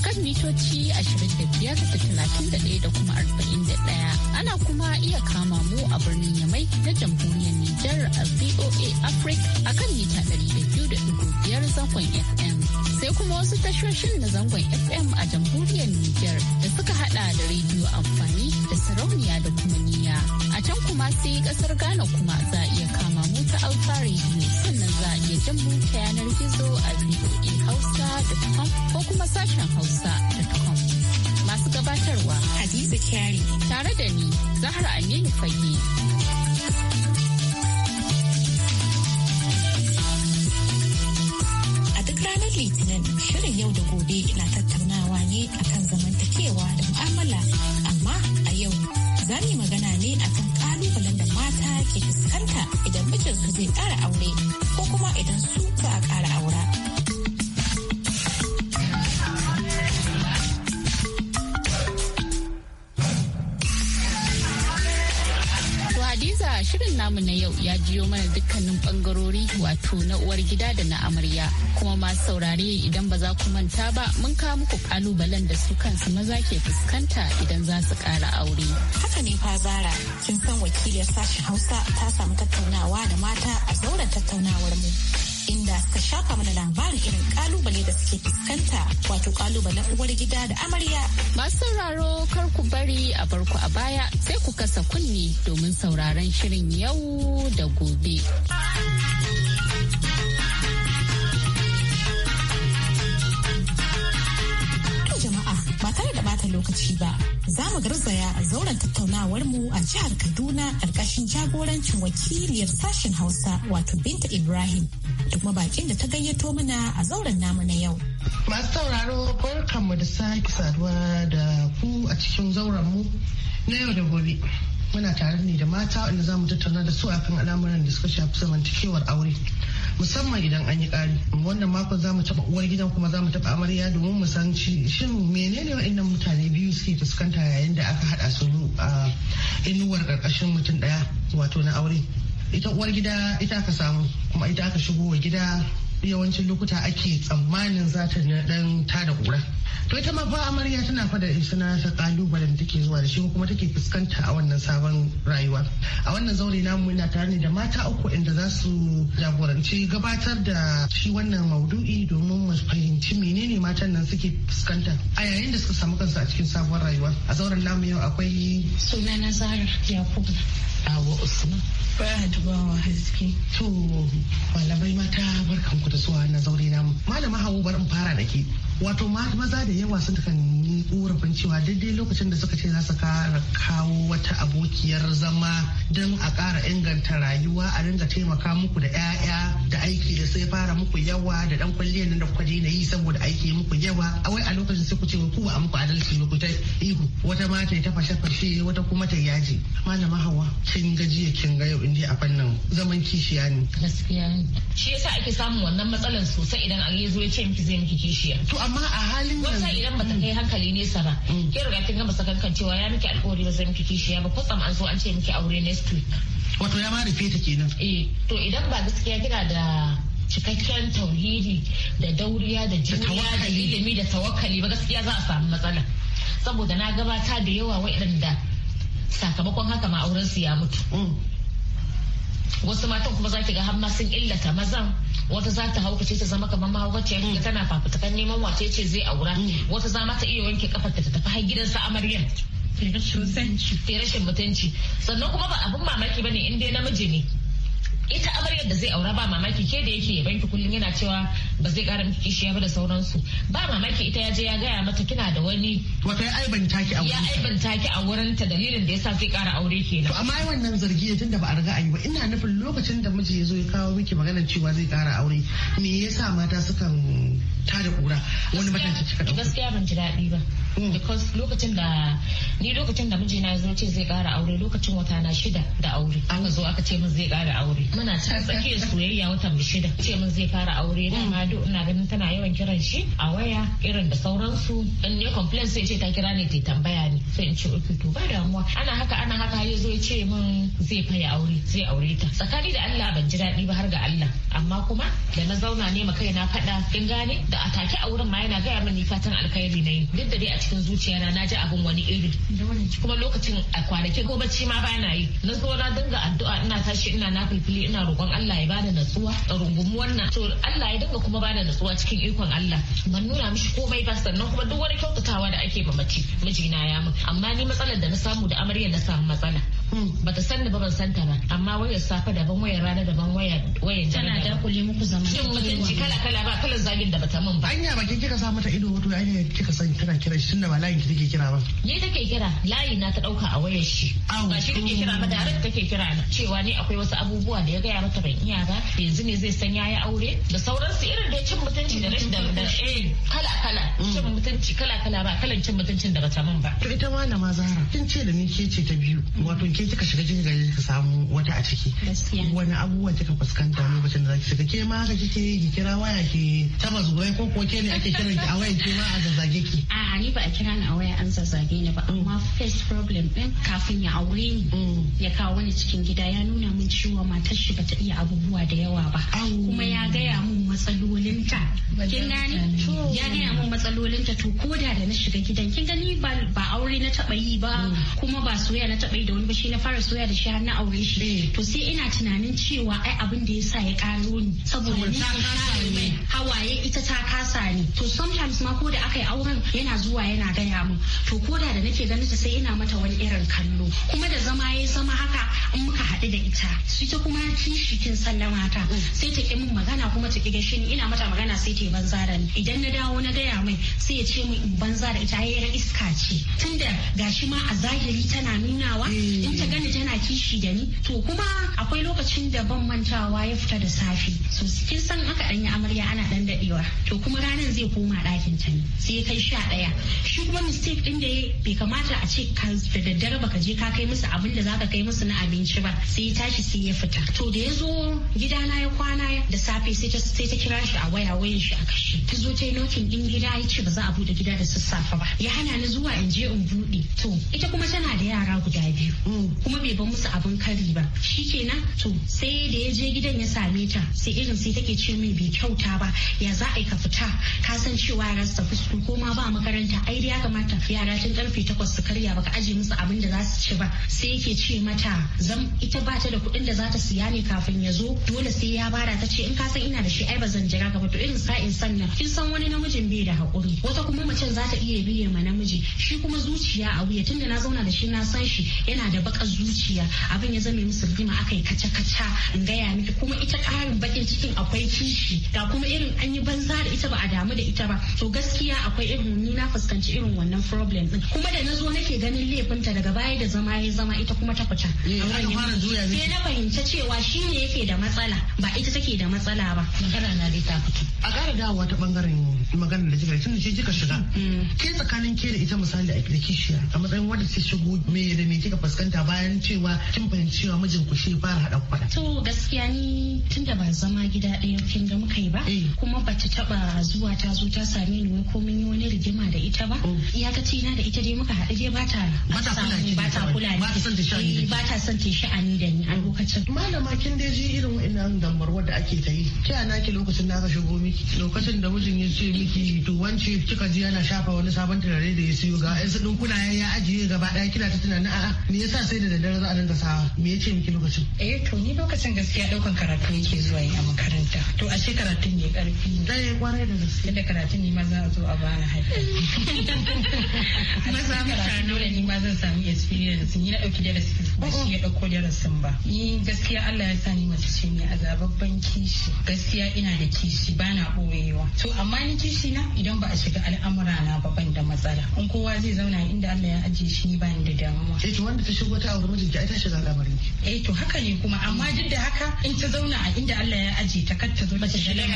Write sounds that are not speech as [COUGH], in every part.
akan kan mitoci 25,31 da kuma 41. Ana kuma iya kama mu a birnin Yamai na jamhuriyar Nijar a VOA Africa a kan mita 200.5 zangon FM. Sai kuma wasu tashoshin na zangon FM a jamhuriyar Nijar da suka hada da rediyo amfani da sarauniya da Ghana. A can kuma sai kasar Ghana kuma za iya kama mu ta Alfa Radio sannan za iya jan mu yanar gizo a VOA Hausa.com ko kuma sashen Hausa.com. Masu gabatarwa Hadiza Kyari tare da ni Zahra Aminu Fage. litinin shirin yau da gobe na tattaunawa ne akan zamantakewa da mu'amala amma a yau za mu yi magana ke fuskanta idan mijinsu zai ƙara aure ko kuma idan su za a ƙara aura. Hadiza shirin namu na yau ya jiyo mana dukkanin bangarori wato batu na uwar gida da na amarya. Kuma masu saurare idan ba za ku manta ba mun kawo muku kalubalen da su kansu maza ke fuskanta idan za su ƙara aure. Haka ne fa Zara, kin san wakiliyar sashen Hausa ta samu tattaunawa da mata a zauren tattaunawar mu. inda suka shafa mana labarin irin kalubale da suke fuskanta wato kalubalen uwar gida da amarya. Masu sauraro kar ku bari a barku a baya sai ku kasa kunni domin sauraron shirin yau da gobe. lokaci ba za mu garzaya a zauren tattaunawar mu a jihar Kaduna ƙarƙashin jagorancin wakiliyar sashen Hausa wato Binta Ibrahim duk mabakin da ta gayyato mana a zauren namu na yau. Masu sauraro barkanmu da sake saduwa da ku a cikin zauren mu na yau da gobe. Muna tare ne da mata inda za mu tattauna da su akan al'amuran da suka shafi zamantakewar aure. musamman idan an yi kari wannan makon za mu taɓa uwar gidan kuma za mu taɓa amarya domin mu san shin menene wa'annan mutane biyu suke fuskanta yayin da aka haɗa su a inuwar ƙarƙashin mutum ɗaya wato na aure ita uwar gida ita aka samu kuma ita aka shigo wa gida yawancin lokuta ake tsammanin za ta dan tada kura to ita ma fa amarya tana fada suna ta kalubale da take zuwa da shi kuma take fuskanta a wannan sabon rayuwa a wannan zaure namu ina tare ne da mata uku inda za su jagoranci gabatar da shi wannan maudu'i domin mu fahimci menene matan nan suke fuskanta a yayin da suka samu kansu a cikin sabon rayuwa a zauren namu yau akwai sunana zara yakubu Awo Usman. Haske. To malamai mata barkan ku da zuwa na zaure na Malama Hawu bar in fara da ke. Wato maza da yawa sun kan yi korafin cewa daidai lokacin da suka ce za su kara kawo wata abokiyar zama don a ƙara inganta rayuwa a dinga taimaka muku da 'ya'ya da aiki sai fara muku yawa da dan kwalliyar nan da kuka je na yi saboda aiki muku yawa a wai a lokacin sai ku ce ku ba muku adalci ba ku ta ihu wata mata ta fashe fashe wata kuma ta yaji malama hawa kin ga jiya kin ga yau inda a fannin zaman kishiya ne gaskiya ne shi yasa ake samun wannan matsalan sosai idan an zo ya ce miki zai miki kishiya to amma a halin yanzu wata idan ba ta kai hankali nesa ba mm. kin riga kin ga masa kankan cewa ya miki alƙawari ba zai miki kishiya ba tsam an zo an ce miki aure next week wato ya ma rufe ta kenan eh to idan ba gaskiya kina da cikakken tauhidi da dauriya da juriya da ilimi da tawakali ba gaskiya za a samu matsala saboda na gabata da yawa waɗanda sakamakon haka ma auren su ya mutu mm. wasu matan kuma za ki ga hamma sun illata mazan wata za ta haukace ta zama kamar mahaukaciya ga mm. tana fafutukan neman wace ce zai aura mm. wata za mata iya wanke kafar ta tafi har gidansa amaryan rashin mutunci sannan kuma ba abin mamaki ba ne in dai namiji ne yar da zai aura ba mamaki ke da yake banki kullum yana cewa ba zai kara miki kishiya ba da sauransu ba mamaki ita ya je ya gaya mata kina da wani wata ya aibanta ki a wurin ya aibanta taki a wurin ta dalilin da yasa zai kara aure kenan to amma wannan zargi tunda ba a riga a yi ba ina nufin lokacin da miji ya zo ya kawo miki maganar cewa zai kara aure me yasa mata sukan tada kura wani mataki kika dauka gaskiya ban ji daɗi ba hmm. because lokacin da ni lokacin da mijina ya zo ce zai kara aure lokacin wata na shida da aure aka zo aka ce min zai kara aure muna ta tsakiyar soyayya watan shida ce mun zai fara aure da madu ina ganin tana yawan kiran shi a waya irin da sauransu in ya complain sai ce ta kira ne ta tambaya ne sai in ce uku to ba damuwa ana haka ana haka ya zo ya ce min zai faya aure zai aure ta tsakani da Allah ban ji daɗi ba har ga Allah amma kuma da na zauna ne ma kai na faɗa kin gane da atake a wurin ma yana gaya min ni fatan alkhairi na yi duk da dai a cikin zuciyana na ji abin wani iri kuma lokacin a kwanakin ko bacci ma ba na yi na zo na dinga addu'a ina tashi ina na filfili ina roƙon Allah ya bada natsuwa rungumu wannan to Allah ya dinga kuma bada natsuwa cikin ikon Allah ban nuna mishi komai ba sannan kuma duk wani kyautatawa da ake ma mace mijina ya min amma ni matsalar da na samu da amarya na samu matsala hmm. bata san da ba ban santa ba amma wayar safa daban wayar rana daban wayar wayar tana da kulle muku zaman shin mutunci kala kala ba kalan zagin da bata min ba anya ba kika sa mata ido wato ne kika san kana kira shi tunda ba layin ki take kira ba ni take kira layi na ta dauka a wayar shi ba shi take kira ba da take kira cewa ni akwai wasu abubuwa da ya ya mata bai ba yanzu ne zai san yayi aure da sauransu irin da cin mutunci da rashin da eh, kala kala mm. cin mutunci kala kala ba kalan cin mutuncin da bata min ba to ita ma zara. kin ce da ni ke ce ta biyu wato ke kika shiga cikin gari ka samu wata a ciki wani abubuwan kika fuskanta lokacin da zaki shiga ke ma haka kike ki kira waya ke taba zuwa ko ko ke ne ake kiran ki a waya ke ma a zazzage ki a ni ba a kira ni a waya an zazzage ni ba amma mm. face problem din kafin ya aure ni mm. ya kawo ni cikin gida ya nuna min cewa matar shi bata iya abubuwa da yawa ba kuma ya gaya mun matsalolinta kin gani ya gaya mun matsalolinta to koda da na shiga gidan kin gani ba aure na taba yi ba mm. kuma ba soya na taba yi da wani ba shi na fara soya da shi har na aure shi mm. to sai ina tunanin cewa ai abin da yasa ya karo ni saboda ni hawaye ita ta kasa ni to sometimes ma ko da aka yi auren yana zuwa yana gaya mun to koda da nake ganin ta sai ina mata wani irin kallo kuma da zama ya zama haka in muka haɗu da ita su ta kuma kishi cikin sallama ta mm. sai ta ki min magana kuma ta ki shi ina mata magana sai ta yi banza da ni idan na dawo na gaya mai sai ya ce min banza da ita yayin iska ce tunda gashi ma a zahiri tana nunawa mm. in ta gani tana kishi da ni to kuma akwai lokacin da ban mantawa ya fita da safe so kin san aka danyi amarya ana dan dadewa to kuma ranar zai koma dakin ta ne sai ya kai sha ɗaya shi kuma mistake din da ya bai kamata a ce ka da daddare baka je ka kai musu abin da zaka kai musu na abinci ba sai ya tashi sai ya fita to da ya zo Gida na ya kwana da safe sai ta ta kira shi a waya wayan shi a kashe ta zo ta yi nokin in gida ya ce ba za a bude gida da sassafe ba ya hana ni zuwa in je in bude to ita kuma tana da yara guda biyu mm. kuma bai ba musu abin kari ba shikenan to sai da ya je gidan ya same ta sai irin sai take ce min bai kyauta ba ya za a yi ka fita ka san cewa yara su tafi su ko ma ba makaranta ai ya kamata yara tun karfe takwas su karya baka aje musu abin da za su ci ba sai yake ce mata zam ita ba ta da kuɗin da za ta siya ne kafin yazo ya zo dole sai ya bara ta ce in ka san ina da shi ai ba zan jira ka to irin sa'in sannan kin san wani namijin bai da hakuri wata kuma macen za ta iya biye ma namiji shi kuma zuciya a wuya tunda na zauna da shi na san shi yana da bakar zuciya abin ya zame musu rigima akai kaca kaca in gaya miki kuma ita karin bakin cikin akwai kishi ga kuma irin an yi banza da ita ba a damu da ita ba to gaskiya akwai irin ni na fuskanci irin wannan problem din kuma da na zo nake ganin laifinta daga baya da zama ya zama ita kuma ta fita. Eh, sai na fahimta cewa shi ne take da matsala ba ita take da matsala ba magana na dai ta fito a ƙara dawowa ta bangaren magana da kika tun shi kika shiga mm. ke tsakanin ke da ita misali a kishiya a matsayin wanda ta shigo me da me kika fuskanta bayan cewa kin fahimci cewa mijin ku shi fara hada kwada to gaskiya ni tun da ba zama gida ɗaya kin ga muka yi ba eh. kuma ba ta taɓa zuwa ta zo ta same ni ko mun yi wani rigima da ita ba oh. Ya ce na da ita dai muka haɗu dai ba ta ba ta kula ba ta kula eh, ba ta son ta sha'ani da ni a lokacin malama kin dai ji irin wa'annan dambarwar da ake ta yi ta yana ki lokacin da aka shigo miki lokacin da mijin ya ce miki to wance kika ji yana shafa wani sabon turare da ya siyo ga yan sudin kuna ya ajiye gaba daya kina ta tunanin a'a me yasa sai da daddare za a dinga sa me ya ce miki lokacin eh to ni lokacin gaskiya daukan karatu yake zuwa yi a makaranta to a ce karatun ne karfi eh, zai kwarai da gaske da karatun ne ma za a zo a bana haifa maza mutane dole ni ma zan sami experience ni na dauki darasi ba shi ya dauko darasin ba ni gaskiya Allah ya sani mace ce mai azababban kishi gaskiya ina da kishi ba na boyewa to amma ni kishi na idan ba a shiga al'amura na ba ban da matsala in kowa zai zauna inda Allah ya ajiye shi ni ni da damuwa eh to wanda ta shigo ta aure mijinki ai ta shiga al'amarin ki eh to haka ne kuma amma duk da haka in ta zauna a inda Allah ya ajiye ta kar ta zo ta shiga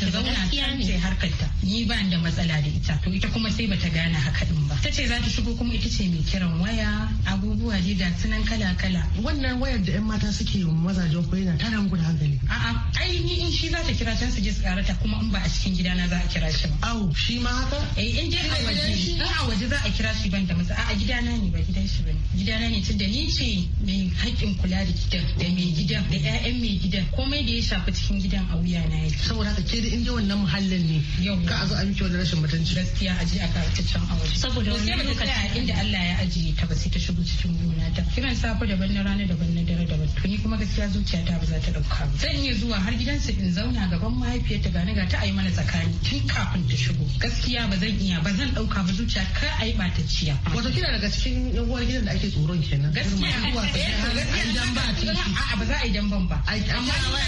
ta zauna ta harkar ta ni bani da matsala da ita to ita kuma sai bata gane haka din ba ce za ta shigo kuma ita ce mai kiran waya abubuwa dai ga kala kala wannan wayar da yan mata suke mazajen ko yana taran guda gani. A'a ai ni in shi za ta kira can su je su karata kuma in ba a cikin gida na za a kira shi ba. Au shi ma haka? Eh in je a waje in a waje za a kira shi ban da masa a'a gida na ne ba gidan shi bane. Gida na ne tunda ni ce mai haƙƙin kula da gidan da mai gidan da ƴaƴan mai gidan komai da ya shafi cikin gidan a wuya na yake. Saboda haka ke da in je wannan muhallin ne. Yau ka a zo a miki wani rashin mutunci. Gaskiya a je a karata can a waje. Saboda wani lokaci inda Allah ya ajiye ta ba sai ta shigo cikin gona ta. Kiran safe daban na rana daban na dare daban. To ni kuma gaskiya zuciya ta ba za ta ɗauka ba. Zan iya zuwa har gidansu in zauna gaban mahaifiyarta gani ga ta a yi mana tsakani tun kafin ta shigo. Gaskiya ba zan iya ba zan ɗauka ba zuciya kar a yi ciya. Wato kina daga cikin yan gidan da ake tsoron kenan. Gaskiya a ba za a yi damban ba. Amma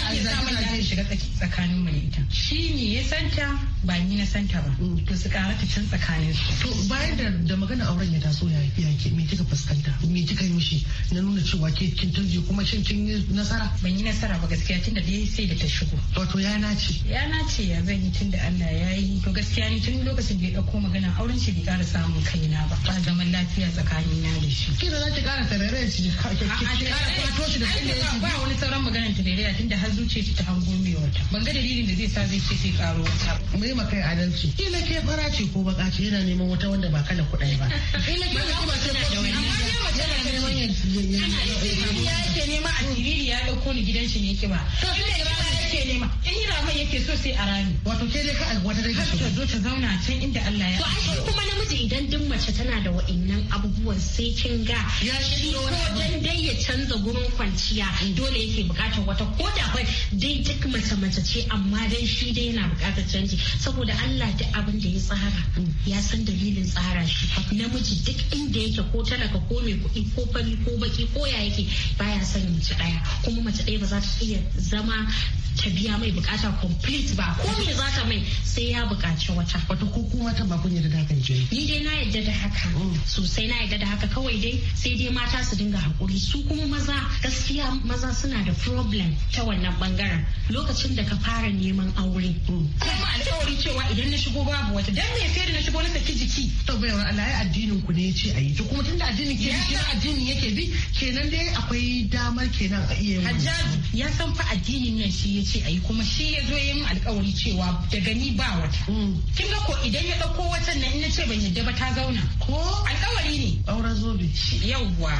ni ne samun da shiga tsakanin mu ne ita. Shi ne ya santa ba ni na santa ba. Mm. To su ƙara ta can tsakanin su. To bayan da magana auren ya taso ya ke me kika fuskanta me kika yi mishi na nuna cewa ke kin turje kuma shin kin yi nasara. Ban yi nasara. nasara ba gaskiya tunda dai sai da ta shigo. Wato ya nace. Ya nace ya zan yi tunda Allah ya yi. To gaskiya ni tun lokacin da ya ɗauko magana auren shi bai ƙara samun kaina ba. Ba zaman lafiya tsakanina da shi. Kira za ki ƙara tarare shi. A ki ƙara kwato shi da inda yake. Ba wani sauran maganar tarare tunda har zuciya ta hango mai wata. Ban ga dalilin da zai sa zai ce sai ƙaro wata. Mai makai adalci. na ke fara ce ko baka ce yana neman wata wanda ba kala kuɗai ba. Kila ke ce ko. Amma ne mace neman yanzu. Ana ya ke nema a tiriri ya ɗauko ni gidan rashin hikima inda ya yake nema in yake so sai a rami wato ke dai ka wata dai har ta zo ta zauna can inda Allah ya to ai kuma namiji idan duk mace tana da wa'annan abubuwan sai kin ga ya shi ko dan dai ya canza gurin kwanciya dole yake bukatar wata ko da bai dai duk mace mace ce amma dai shi dai yana bukatar canji saboda Allah duk abin da ya tsara ya san dalilin tsara shi namiji duk inda yake ko talaka ko mai kuɗi ko fari ko baki ko ya yake baya son mace ɗaya kuma mace ɗaya ba za za ta iya zama ta biya mai bukata complete ba ko me za ta mai sai ya bukaci wata wata ko kuma ta ba kun yarda da hakan ni dai na yarda da haka mm. sosai na yarda da haka kawai dai sai dai mata su dinga hakuri su kuma maza gaskiya maza suna da problem ta wannan bangaren lokacin da ka fara neman aure mm. kuma alƙawari cewa idan na shigo babu wata dan me sai na shigo na saki jiki to bai wa Allah addinin ku ne yace ayi to kuma tunda addinin ke addinin yake bi kenan dai akwai damar kenan a iya Hajjaji ya san fa addinin nan shi ya ce ayi kuma shi ya zo ya yi alkawari cewa daga ni ba wata mm. kin ga ko idan ya dauko watan nan in na ce ban yadda ba ta zauna ko alkawari ne auren zobe yawwa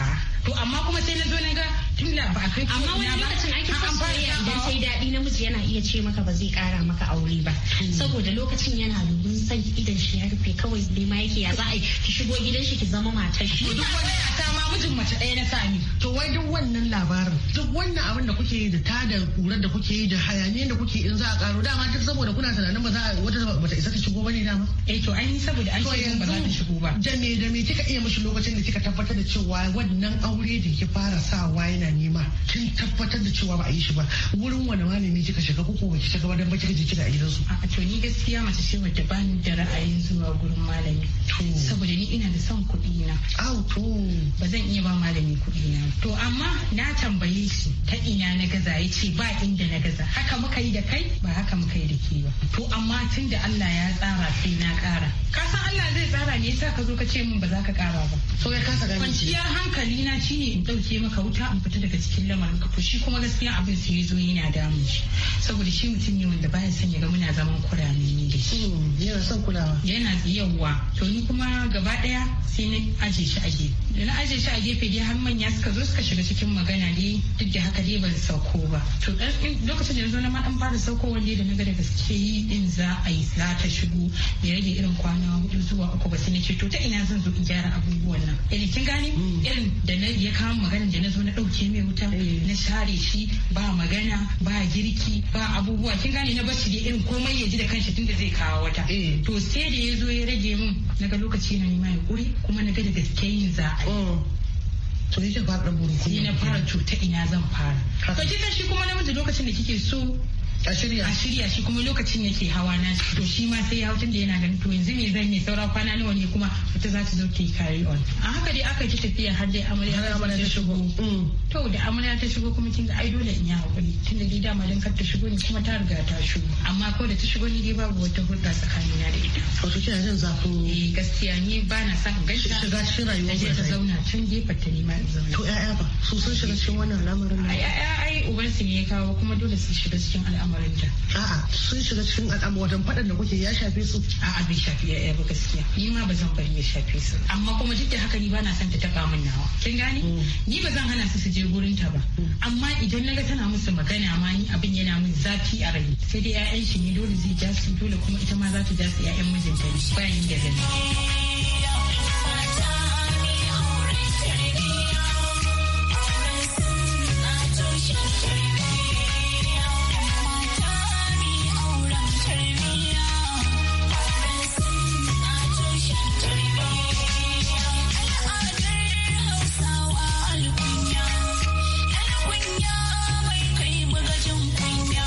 to amma kuma sai na zo na ga tun da ba a kai amma wani lokacin ake son soyayya idan sai daɗi namiji yana iya ce maka ba zai ƙara maka aure ba mm. saboda lokacin yana domin san idan shi ya rufe kawai ne ma yake ya za a yi ki shigo gidan shi ki zama matar shi mutum mace ɗaya na sami to wai duk wannan labarin duk wannan abin da kuke yi da ta da kurar da kuke yi da hayaniyar da kuke in za a karo dama duk saboda kuna tunanin ba za a wata ta isa ta shigo bane dama eh to an yi saboda an ce ba za ta shigo ba da me da me kika iya mishi lokacin da kika tabbatar da cewa wannan aure da ki fara sawa yana nema kin tabbatar da cewa ba a yi shi ba wurin wani malami kika shiga ko kuma kika shiga wadan ba kika je kika a gidansu a to ni gaskiya mace ce wacce ba ni da ra'ayin zuwa gurin malami saboda ni ina da son kuɗi na to ba zan iya ba malami kuɗi na to amma na tambaye shi ta ina na gaza ya ce ba inda na gaza haka muka yi da kai ba haka muka yi da ke ba to amma tun da Allah ya tsara sai na ƙara ka san Allah zai tsara ne yasa ka zo ka ce min ba za ka ƙara ba so ya kasa gani Kwanciya hankali na shine in ɗauke maka wuta in fita daga cikin lamarin ka to shi kuma gaskiya abin su ya zo yana damun shi saboda shi mutum ne wanda baya son ya ga muna zaman kura ne da shi hmm, yana son kulawa yana yawwa to ni kuma gaba ɗaya sai na aje shi a gefe da na ajiye shi a gefe dai har manya suka zo suka shiga cikin magana dai duk da haka dai ban sauko ba to lokacin da zo na ma dan fara sauko wanda da naga da gaske yi din za a yi za ta shigo ya rage irin kwana hudu zuwa uku ba sai na ce to ta ina zan zo in gyara abubuwan nan irin eh, kin gane mm. irin da na ya kama magana da na zo na ɗauke mai wuta eh. na share shi ba magana ba girki ba abubuwa kin gane na bashi dai irin komai ya ji da kanshi tunda zai kawo wata eh. to sai da ya zo ya rage min naga lokaci na nema ya kure kuma na da gaske yin za a Oh. to yake fara dan na fara cuta ina zan fara to kika shi kuma namiji lokacin da kike so a shirya a shirya shi kuma lokacin yake hawa na to shi ma sai ya hutun da yana ganin to yanzu me zan yi saura kwana nawa ne kuma wata za ta zo ta carry on a haka dai aka ji tafiya har dai amarya ta shigo mm. to da amarya ta shigo kuma ga ai dole in yi hakuri tunda dai dama dan kar ta shigo ni kuma ta riga ta shigo amma ko da ta shigo ni dai babu wata hulɗa tsakanina da ita wato kina jin zafin eh gaskiya ni ba na sa gashi shiga rayuwa ba ta zauna can gefe ta nema in zauna to ya'ya ba su sun shiga cikin wannan al'amarin ai ai ubansu ne ya kawo kuma dole su shiga cikin al'amarin al'amarinta a'a sun shiga cikin al'amar wajen faɗan da kuke ya shafe su a'a bai shafi ya'ya ba gaskiya ni ma ba zan bari ya shafe su amma kuma duk da haka ni ba na son ta taɓa min nawa kin gane mm. ni ba zan hana su su je gurin ta ba mm. amma idan na ga tana musu magana ma ni abin yana min zafi a rai sai dai 'ya'yan shi ne dole zai ja su dole kuma ita ma za ta ja su 'ya'yan mijinta ne bayan da zan wai kai magajin kunya.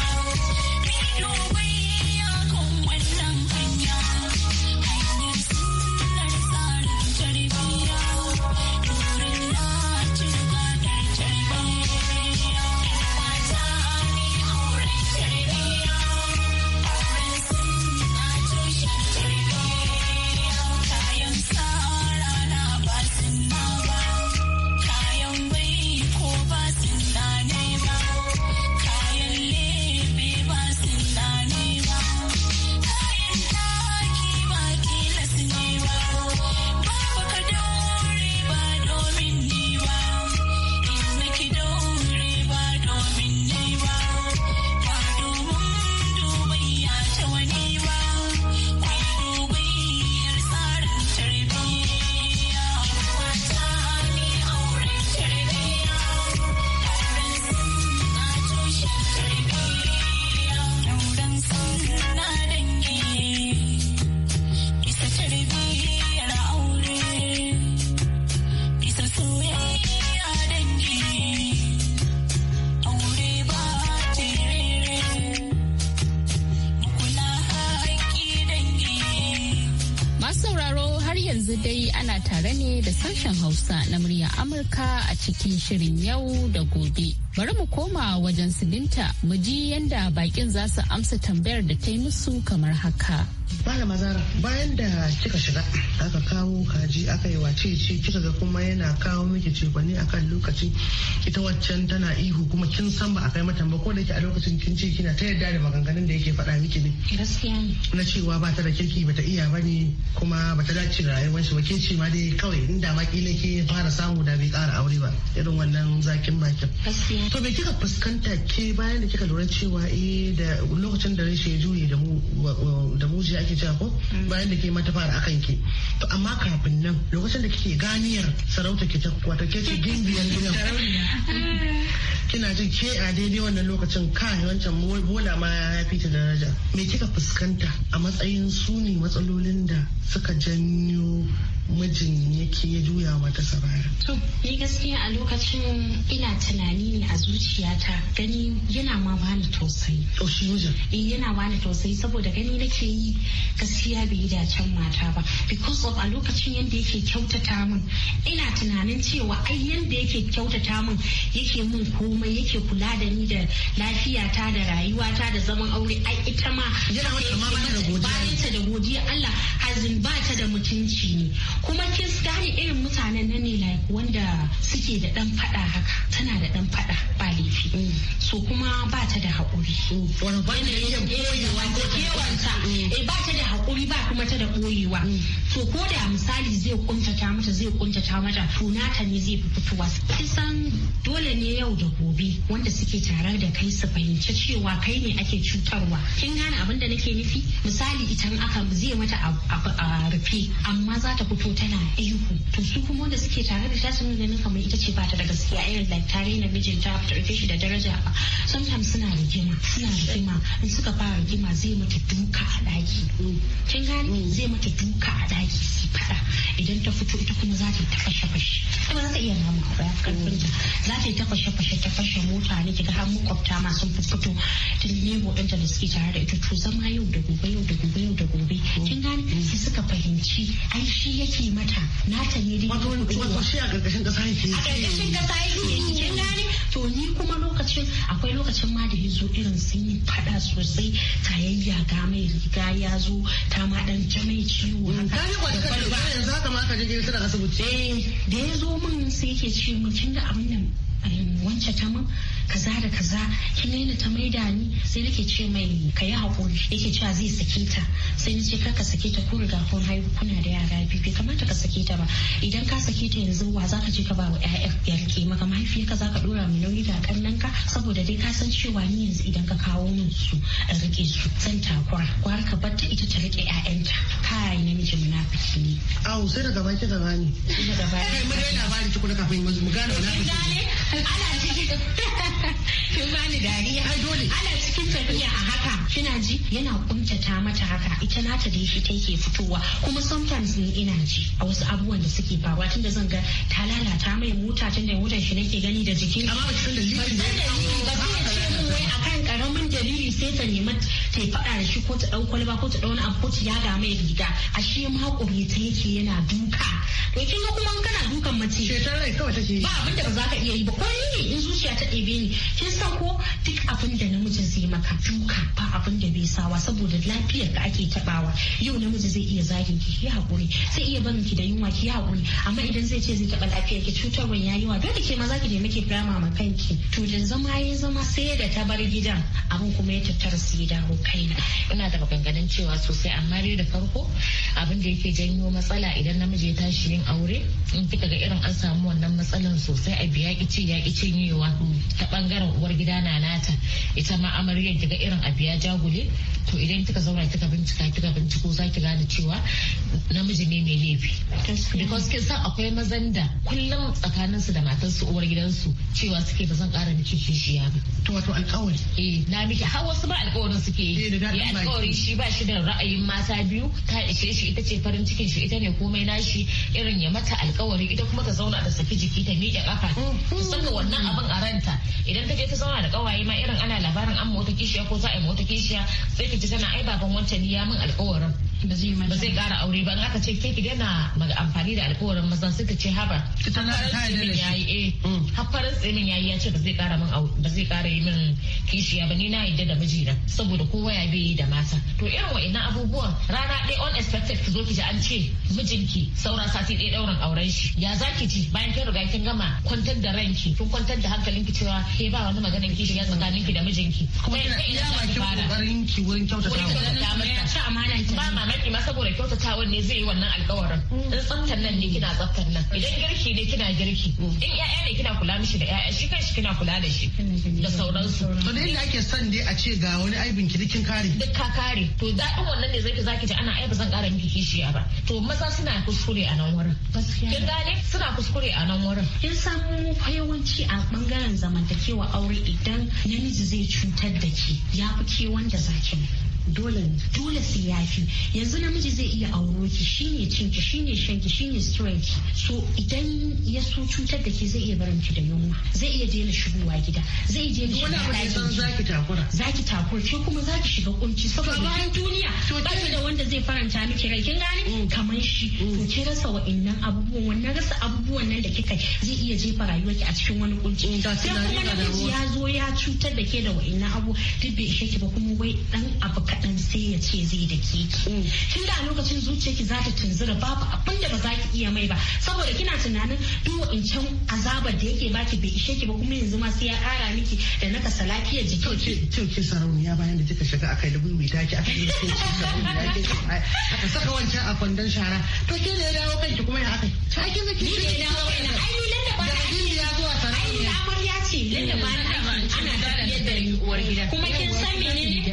Amurka a cikin shirin yau da gobe. Bari mu koma wajen silinta mu ji yadda bakin za su amsa tambayar da ta yi musu kamar haka. Malama Zara bayan da kika shiga aka kawo kaji aka yi wace ce kika ga kuma yana kawo miki cefane akan lokaci ita waccan tana ihu kuma kin san ba a kai mata ba ko da ke a lokacin kin ce kina ta yarda da maganganun da yake faɗa miki ne na cewa ba ta da kirki bata iya ba ne kuma bata dace da rayuwar shi ba ke ce ma dai kawai inda ma kila ke fara samu da bai ƙara aure ba irin wannan zakin bakin to me kika fuskanta ke bayan da kika lura cewa eh da lokacin da rashin juye da mu da muji ake cewa ko mm. bayan da ke mata fara akan ki to amma kafin nan lokacin da kike ganiyar sarauta ke wata ke ce biyan gidan kina jin ke a daidai wannan lokacin ka wancan bola ma ya fi ta daraja me kika fuskanta a matsayin su ne matsalolin da suka janyo mijin yake ya juya mata sabara. To, ni gaskiya a lokacin ina tunani ne a zuciyata gani yana ma bani tausayi. To shi eh, yana bani tausayi saboda gani nake yi gaskiya bai yi dacen mata ba because whatsapp a lokacin yadda yake kyautata mun ina tunanin cewa ai yadda yake kyautata mun yake mun komai yake kula da ni da lafiyata da rayuwata da zaman aure ai ita ma ta da godiya Allah hazin ba ta da mutunci ne kuma kin gane irin mutanen nan ne wanda suke da dan fada haka tana da dan fada ba laifi mm. so kuma ba ta da haƙuri. Yanayin koyewa ko kewanta eh ba ta da haƙuri ba kuma ta da koyewa. Mm. To ko da misali zai kuntata mata zai kuntata mata to nata ne zai fitowa. Kisan dole ne yau da gobe wanda suke tare da kai su fahimci cewa kai ne ake cutarwa. Kin gane abin da nake nufi? Misali idan aka zai mata a rufe amma za ta fito tana ihu. To su kuma wanda suke tare da ta sun ganin kamar ita ce ba ta da gaskiya irin like tare na mijinta ta rufe shi da daraja ba. sometimes suna rigima suna rigima in suka fara rigima zai mata duka a daki kin gani zai mata duka a daki su fada idan ta fito ita kuma za ta ta fashe kuma za ta iya namu ka baya karfin ta za ta ta fashe fashe ta fashe mota ne kiga har makwabta ma sun fito tun lebo ɗanta da suke tare da ita to zama yau da gobe yau da gobe yau da gobe kin gani sai suka fahimci ai shi yake mata ta ne dai wato wato shi a ƙarƙashin kasa yake a ƙarƙashin kasa yake kin gani to ni kuma lokacin akwai lokacin ma da ya zo irin sun yi fada sosai ta ga mai riga ya zo ta ma dan ja mai ciwo haka eh, da ya zo min sai yake ce mun kin da abin nan wancan ta min kaza da kaza kin nuna ta maida ni sai nake ce mai ka yi hakuri yake cewa zai sake ta sai nace kar ka sake ta ko riga kun haihu kuna da yara biyu bai kamata ka sake ta ba idan ka sake ta yanzu wa zaka je ka ba wa ƴaƴan ya rike maka za ka dora mu nauyi da kannan ka saboda dai ka san cewa ni yanzu idan ka kawo min su a rike su zan takura kwar ka bar ta ita ta rike ƴaƴanta kai namiji munafiki ne au sai daga baki gaba ne sai daga baki Eh mu dai labari tukuna kafin mu gane munafiki ana cikin kin bani dariya dole ana cikin tafiya a haka kina ji yana kuntata mata haka ita nata da shi ta yake fitowa kuma sometimes ni ina ji a wasu abubuwan da suke faruwa tunda zan ga ta lalata mai mota tunda motar shi nake gani da jikin amma ba san dalili ba ba ce mun wai akan karamin dalili sai ta nemi ta faɗa da shi ko ta ɗau kwalba ko ta ɗau wani abu ko ta yaga mai riga ashe ma ta yake yana duka to kin ga kuma kana dukan mace shetar rai kawai take yi ba abin da ba za ka iya yi ba ko ni ne in zuciya ta ɗebe ni kin san ko duk abin da namiji zai maka duka ba abin da bai sawa saboda lafiyar ka ake taɓawa yau namiji zai iya zagin ki ki haƙuri sai iya barin ki da yunwa ki hakuri amma idan zai ce zai taɓa lafiyar ki ya yi wa dole ke ma za ki nemi ki firama ma kanki to da zama ya zama sai da ta bar gidan abin kuma ya tattara su ya dawo kaina ina da maganganun cewa sosai amma dai da farko abin da yake janyo matsala idan namiji ya tashi yin aure in kika ga irin an samu wannan matsalan sosai a biya kici ya kici yiwa ta bangaren uwar gida na nata ita ma amaryar kiga irin a biya jagule to idan kika zauna kika bincika kika binciko za ki gane cewa namiji ne mai laifi because kin san akwai mazan da kullum tsakanin su da matar su uwar gidansu cewa suke ba zan kara miki kishiya ba to wato alƙawari eh na miki har wasu ba alƙawarin suke ya alkawari shi ba shi da ra'ayin mata biyu ta ishe shi ita ce farin cikin shi ita ne komai nashi irin ya mata alkawari ita kuma ta zauna da saki jiki ta miƙe kafa ta mhm. saka wannan abin a ranta idan ta je ta zauna da ƙawaye ma irin ana labarin an mota kishiya ko za a yi mota kishiya sai ki ji tana ai baban wancan ya min alkawarin ba zai kara aure ba in aka ce ke ki daina amfani da alkawarin maza suka ce haba ita na ta yi da shi eh. mm. tsimin yayi ya ce ba zai kara min aure ba zai kara yi min kishiya ba ni na yadda da mijina saboda kowa ya bi da mata to irin wa'annan abubuwan dai unexpected ki zo ki ji an ce mijinki saura sati ɗaya ɗaurin auren shi ya za ki ji bayan kin riga kin gama kwantar da ranki kin kwantar da hankalinki cewa ke ba wani maganar ki shiga tsakaninki da mijinki kuma ina iya bakin kokarin ki wurin kyautata mata ya amana ki ba mamaki ma saboda kyautatawa ne zai yi wannan alƙawarin in tsaftan nan ne kina tsaftan nan idan girki ne kina girki in ƴaƴa ne kina kula mishi da ƴaƴa shi kanshi kina kula da shi da sauransu to da yadda ake son dai a ce ga wani aibin ki dukin kare duk ka kare to daɗin wannan ne zaki zaki ji ana ai ba zan ƙara miki kishiya ba to maza suna kuskure a nan wurin kin gane suna kuskure a nan wurin kin samu yawanci a bangaren zamantakewa aure idan namiji zai cutar da ke ya fi ke wanda zaki dole dole sai yafi yanzu namiji zai iya auro ki shine cin ki shine shan ki shine stress so idan ya so cutar da ke zai iya barin ki da yunwa zai iya daina shigowa gida zai iya daina shigowa gida wani abu zaki takura zaki takura ke kuma zaki shiga kunci saboda bayan duniya ba da wanda zai faranta miki rai kin gane mm. kamar shi mm. to ki rasa wa'annan abubuwan wannan rasa abubuwan nan da kika zai iya jefa ki a cikin wani kunci mm, sai kuma namiji ya zo ya cutar da ke da wa'annan abu duk bai ishe ki ba kuma wai dan abu ka daɗin sai ya ce zai da ke mm. tun da lokacin zuciyarki za ta tunzura babu abin da ba za ki iya mai ba saboda kina tunanin duk wa'incan azabar da yake baki bai ishe ki ba kuma yanzu ma sai ya kara miki da na kasa lafiyar jiki. To ke sarauniya bayan da kika shiga aka yi da gumi ta ki aka yi ya ke aka saka wancan a kwandon shara to ke da ya dawo kanki kuma ya aka Ta ki zaki. Ni da ya dawo kaina ai ni lalle ba. Da ya a sarauniya. Ai ni amarya ce lalle ba eh, ana yadda da uwar gida. Kuma kin san menene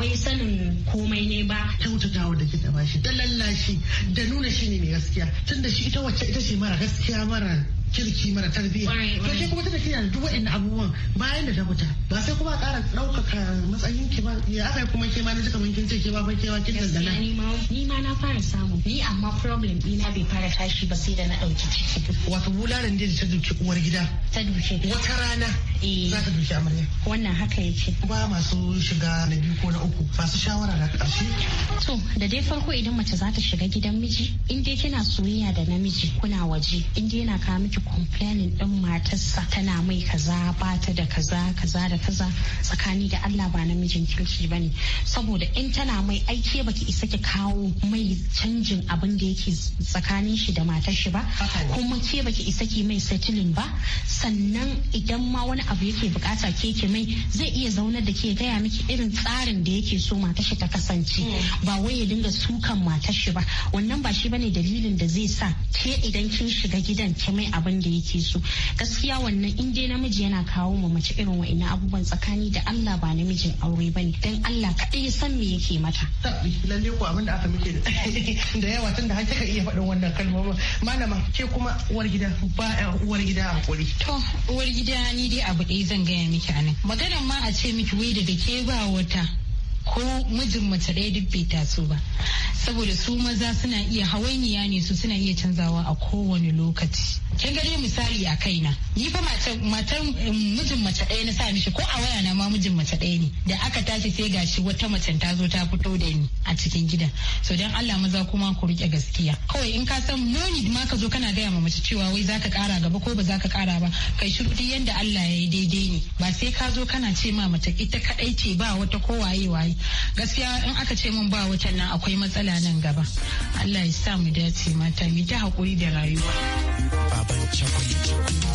wai sanin komai ne ba kyautatawa da ke ta bashi da lallashi da nuna shi ne mai gaskiya tunda shi ita wacce ita ce mara gaskiya mara kirki mara tarbiyya to ke kuma tana kina da duk waɗannan abubuwan bayan da ta fita ba sai kuma ƙara ɗaukaka matsayin ki ba ya aka kuma ke ma na ji mun kin ke ba ba ke ba kin dangana ni ma na fara samu ni amma problem ɗina bai fara tashi ba sai da na ɗauki ciki wato bularan da ta duki uwar gida ta duke wata rana eh. za ta duki amarya wannan haka yake ba masu shiga na biyu ko na uku masu shawara da ƙarshe to da dai farko idan mace za ta shiga gidan miji in dai kina soyayya da namiji kuna waje in dai yana kawo miki ta complaining din matarsa tana mai kaza bata da kaza kaza da kaza tsakani da Allah ba namijin kirki bane saboda in tana mai aiki baki isa ki kawo mai canjin abin da yake tsakanin shi da matar shi ba kuma ke baki isa ki mai settling ba sannan idan ma wani abu yake bukata ke ki mai zai iya zaunar da ke gaya miki irin tsarin da yake so matar shi ta kasance hmm. ba wai ya dinga sukan matar shi ba wannan ba shi bane dalilin da zai sa ke idan kin shiga gidan ki mai abin abin da yake so gaskiya wannan in dai namiji yana kawo ma mace irin wa'annan abubuwan tsakani da Allah ba namijin aure bane dan Allah kaɗai ya san me yake mata lalle ko abin da aka muke da [LAUGHS] yawa tun da har iya faɗin wannan kalmomin malama ke kuma uwar gida ba uwar gida a kuri. to uwar gida ni dai abu ɗaya zan gaya miki anan maganar ma a ce miki wai da ke ba wata ko mijin mace ɗaya duk bai taso ba saboda su maza suna iya hawainiya ne su suna iya canzawa a kowane lokaci kin gani misali a kaina ni fa matan mijin mace ɗaya na sa mishi ko a waya na ma mijin mace ɗaya ne da aka tashi sai gashi wata macen ta zo ta fito da ni a cikin gida so dan Allah maza kuma ku rike gaskiya kawai in ka san noni ma ka zo kana gaya ma mace cewa wai zaka kara gaba ko ba ka kara ba kai shiru dai yadda Allah ya yi daidai ne ba sai ka zo kana ce ma mace ita kadai ce ba wata ko waye waye gaskiya in aka ce min ba wata nan akwai matsala nan gaba Allah ya sa mu dace mata mu ta hakuri da rayuwa 小鬼。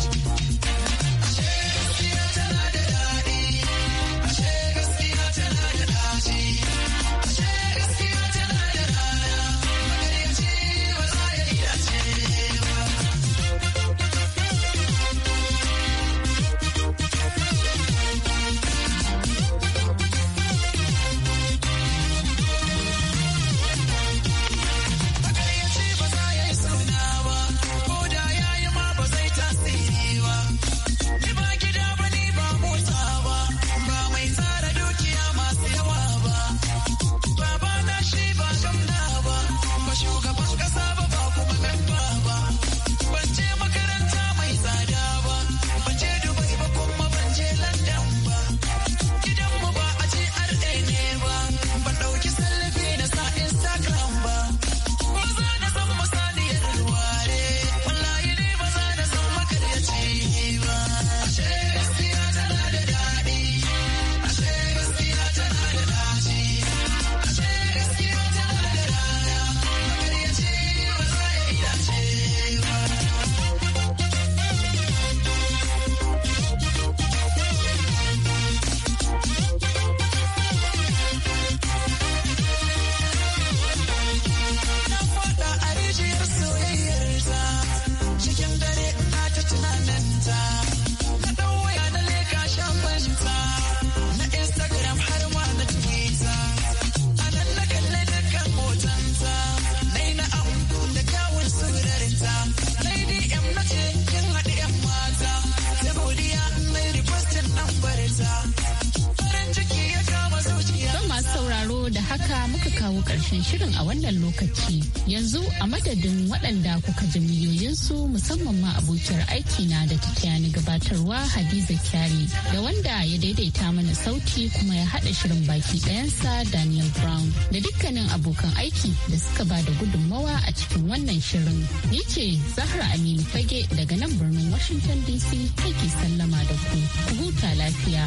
haka muka kawo ƙarshen shirin a wannan lokaci yanzu a madadin waɗanda kuka ji miliyoyinsu musamman ma abokiyar aiki na da ni gabatarwa hadiza kyari da wanda ya daidaita mana sauti kuma ya haɗa shirin baki ɗayansa daniel brown da dukkanin abokan aiki da suka ba da gudunmawa a cikin wannan shirin ni ce zahra aminu fage daga nan birnin washington dc take sallama da ku ku huta lafiya.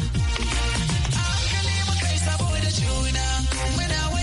Muna